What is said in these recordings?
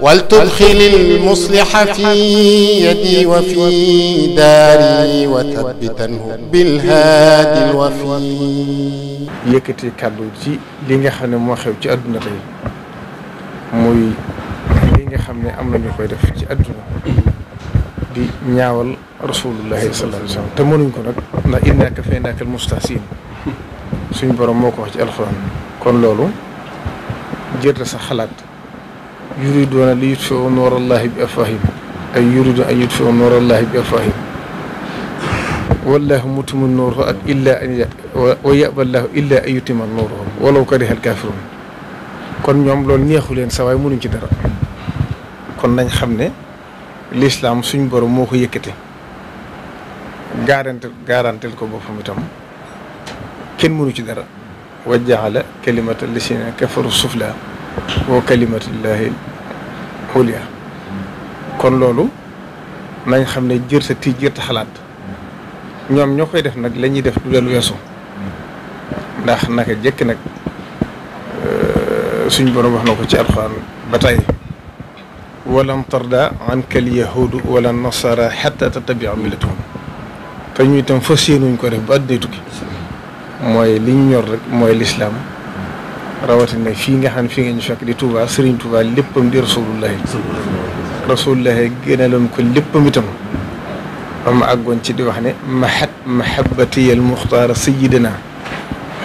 ولتدخل المصلح في يدي وفي داري وثبتنه بالهادي الوفي yëkkati kàddu ci li nga xam ne moo ci àdduna tey muy nga xam ne am na ñu koy def ci àdduna di ñaawal rasulullahi sallallahu alayhi wa sallam te mënuñ ko nag ndax innaa kafaynaaka al-mustahzi'iin borom moo ko wax ci alxuraan kon loolu jër sa xalaat yuriduuna li yutfiu noor allahi bi afwahim ay yuridu an yutfiu noor allahi bi afwahim wallahu mutimu nuuru ak illa an wa yaba allahu illa an yutima nuuruhu walaw kariha alkaafiruun kon ñoom loolu neexu leen sa mënuñ ci dara kon nañ xam ne lislaam suñ boro moo ko yëkkate gaaranteel gaaranteel ko boppam tam kenn mënu ci dara wa jaala kalimata lisina kafaru sufla wa kalimatillahi xulia kon loolu nañ xam ne jër sa tii jër ta xalaat ñoom ñoo koy def nag lañuy def du leen weesu ndax naka jëkk nag euh, suñ borom wax na ko ci alxuraan ba tey walla tarda anka alyahudu walla nasara xata tatabia millatahum te ñu itam fas yéenuñ ko def ba àddina tukki mooy li ñor rek mooy lislaam rawatina fii nga xam fii nga ñu fekk di Touba Serigne Touba léppam di rasulullahi ma àggoon ci di wax ne mahat mahabbatiya al muxtaara sayidina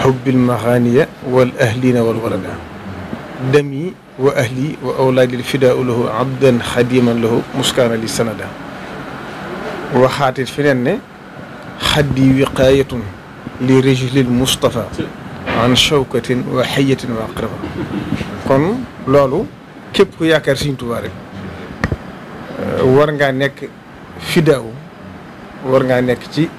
xubbil maxaaniya wal ahlina wa ahli wa awlaadil muskaana li sanada waxaatit fi neen ne li rajulil Mustafa an shawkatin wa xayatin wa aqraba kon loolu képp ku yaakaar Sëriñ Tuubaa rek eh, war ngaa nekk fidaaw war ngaa nekk ci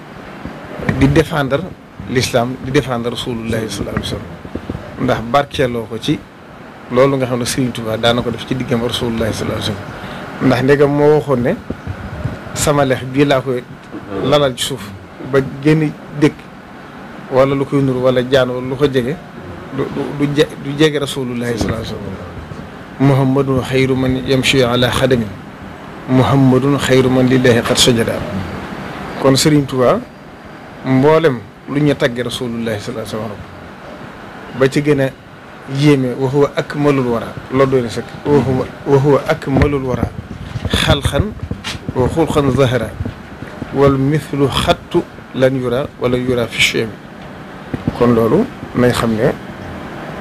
di défendre l'islam di défendre rasulullahi sallallahu alayhi wa sallam ndax barkeeloo ko ci loolu nga xam ne Sëriñ Tuubaa daana ko def ci diggam rasulullahi sallallahu alayhi ndax ndegam moo waxoon ne sama lex bii laa koy lalal ci suuf ba génn dëkk wala lu koy nur wala jaan wala lu ko jege du du du jege rasulullahi sallallahu alayhi wa sallam muhammadun xayru man yamshi ala xadamin muhammadun xayru man lillahi qad sajada kon Serigne Touba mboolem lu ñu tagge rasulullahi sallallahu alayhi wa sallam ba ci gën a yéeme wa huwa akmalul wara loolu doy na sëkk wa huwa akmalul wara xalxan wa xulxan zahara wal mithlu xattu lan yura wala yura fi chemi kon loolu nañ xam ne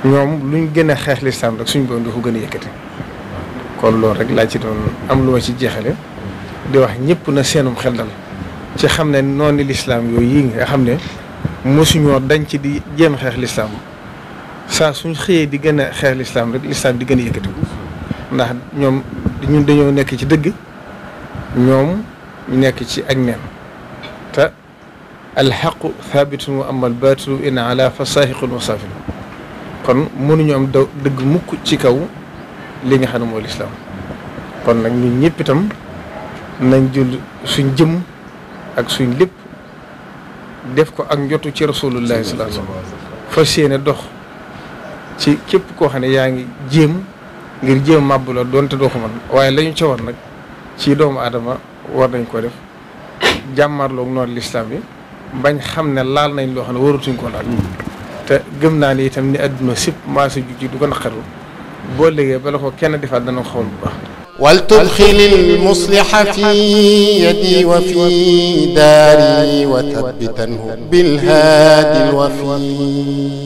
ñoom luñ gën a xeex lislaam rek suñ borom di ko gën a yëkkati kon loolu rek laa ci doon am lu ci jeexale di wax ñëpp na seenum xel dal ci xam ne noonu lislaam yooyu yi nga xam ne mosuñoo dañ ci di jéem xeex lislaam saa suñ xëyee di gën a xeex lislaam rek lislaam di gën a yëkkati ndax ñoom ñun dañoo nekk ci dëgg ñoom nekk ci ak neen alxaqu thabitun wa amal baatilu in ala fa saahiqul musaafir kon mënuñu am daw dëgg mukk ci kaw li nga xam ne mooy lislaam kon nag ñun ñëpp nañ jël suñ jëm ak suñ lépp def ko ak njotu ci rasulullahi sallallahu alayhi wa fas yéene dox ci képp koo xam ne yaa ngi jéem ngir jéem màbb la doo ko mën waaye la ñu ca war nag ci doomu aadama war nañ ko def jàmmarloog noonu lislaam yi bañ xam ne laal nañ loo xam ne waratuñ ko laal te gëm naa ni itam ni adduna sëpp maa si jug ji du ko naqaru boo léegi bala ko kenn defaat dana ko xawal bu baax ولتدخل المصلح في يدي وفي داري وثبته بالهادي الوفي